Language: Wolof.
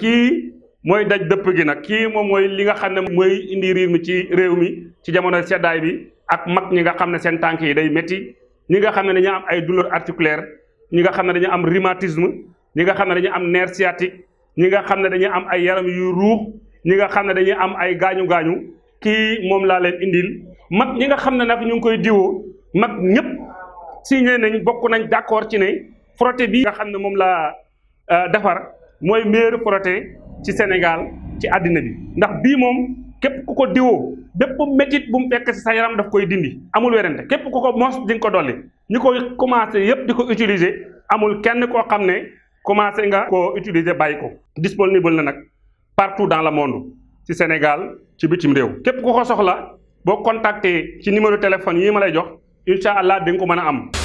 kii mooy daj dëpp gi nag kii moom mooy li nga xam ne mooy indi riir mi ci réew mi ci jamono seddaay bi ak mag ñi nga xam ne seen tànk yi day métti ñi nga xam ne dañu am ay douleur articulaire ñi nga xam ne dañu am rhumatisme ñi nga xam ne dañu am nerf ñi nga xam ne dañu am ay yaram yu ruux ñi nga xam ne dañuy am ay gaañu gaañu kii moom laa leen indil mag ñi nga xam ne nag ñu ngi koy diwoo mag ñëpp signé nañ bokk nañ d'accord ci ne frotté bi nga xam ne moom laa euh, defar mooy meilleur proté ci Sénégal ci àddina bi ndax bii moom képp ku ko diwoo bépp métit bu mu fekk si sa yaram daf koy dindi amul werante képp ku ko mos di nga ko dolli ñu koy commencé yépp di ko utiliser amul kenn koo xam ne commencé nga ko utiliser bàyyi ko disponible na nag partout dans le monde ci Sénégal ci bitim réew képp ku ko soxla boo contacté ci numéro téléphone yi ma lay jox incha allah di nga ko mën a am